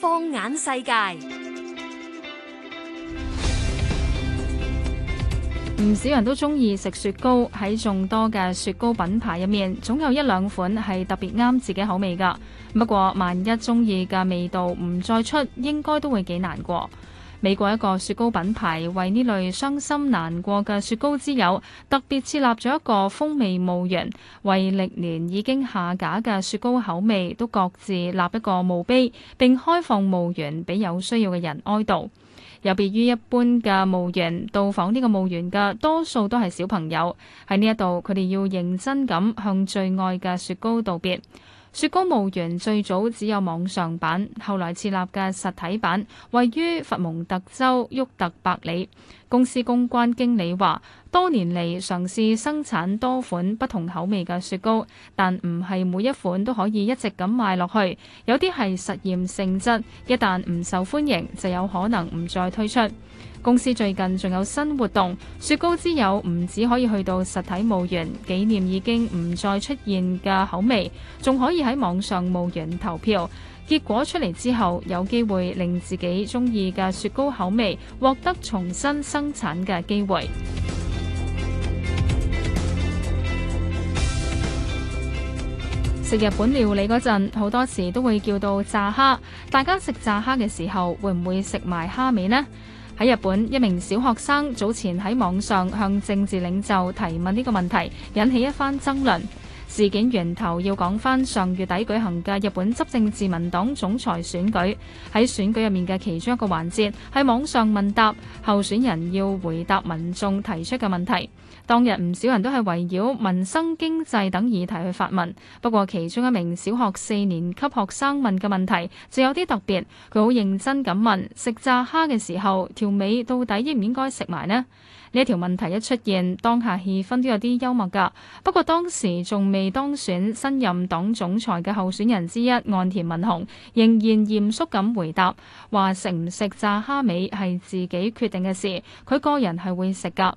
放眼世界，唔少人都中意食雪糕。喺眾多嘅雪糕品牌入面，總有一兩款係特別啱自己口味㗎。不過，萬一中意嘅味道唔再出，應該都會幾難過。美國一個雪糕品牌為呢類傷心難過嘅雪糕之友，特別設立咗一個風味墓園，為歷年已經下架嘅雪糕口味都各自立一個墓碑，並開放墓園俾有需要嘅人哀悼。有別於一般嘅墓園，到訪呢個墓園嘅多數都係小朋友，喺呢一度，佢哋要認真咁向最愛嘅雪糕道別。雪糕墓園最早只有網上版，後來設立嘅實體版位於佛蒙特州沃特伯里。公司公關經理話，多年嚟嘗試生產多款不同口味嘅雪糕，但唔係每一款都可以一直咁賣落去，有啲係實驗性質，一旦唔受歡迎就有可能唔再推出。公司最近仲有新活動，雪糕之友唔止可以去到實體墓園紀念已經唔再出現嘅口味，仲可以喺網上墓園投票。結果出嚟之後，有機會令自己中意嘅雪糕口味獲得重新生產嘅機會。 食日本料理嗰陣，好多時都會叫到炸蝦。大家食炸蝦嘅時候，會唔會食埋蝦尾呢？喺日本，一名小學生早前喺網上向政治領袖提問呢個問題，引起一番爭論。事件源頭要講翻上月底舉行嘅日本執政自民黨總裁選舉，喺選舉入面嘅其中一個環節係網上問答，候選人要回答民眾提出嘅問題。當日唔少人都係圍繞民生經濟等議題去發問，不過其中一名小學四年級學生問嘅問題就有啲特別，佢好認真咁問：食炸蝦嘅時候條尾到底應唔應該食埋呢？呢一條問題一出現，當下氣氛都有啲幽默㗎。不過當時仲未。被當選新任黨總裁嘅候選人之一岸田文雄，仍然嚴肅咁回答，話食唔食炸蝦尾係自己決定嘅事，佢個人係會食噶。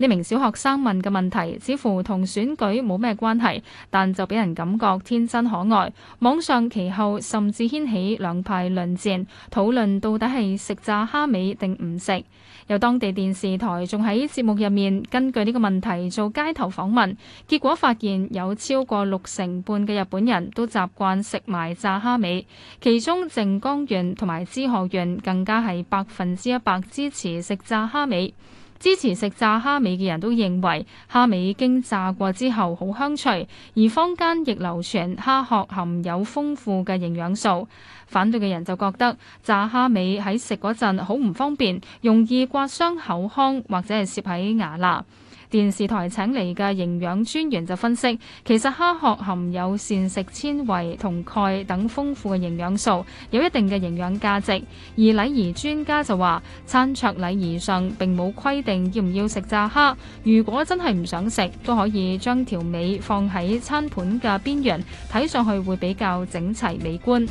呢名小學生問嘅問題似乎同選舉冇咩關係，但就俾人感覺天真可愛，網上其後甚至掀起兩派論戰，討論到底係食炸蝦尾定唔食。有當地電視台仲喺節目入面根據呢個問題做街頭訪問，結果發現有超過六成半嘅日本人都習慣食埋炸蝦尾，其中靜岡縣同埋滋賀縣更加係百分之一百支持食炸蝦尾。支持食炸蝦尾嘅人都認為蝦尾經炸過之後好香脆，而坊間亦流傳蝦殼含有豐富嘅營養素。反對嘅人就覺得炸蝦尾喺食嗰陣好唔方便，容易刮傷口腔，或者係攝喺牙罅。電視台請嚟嘅營養專員就分析，其實蝦殼含有膳食纖維同鈣等豐富嘅營養素，有一定嘅營養價值。而禮儀專家就話，餐桌禮儀上並冇規定要唔要食炸蝦，如果真係唔想食，都可以將條尾放喺餐盤嘅邊緣，睇上去會比較整齊美觀。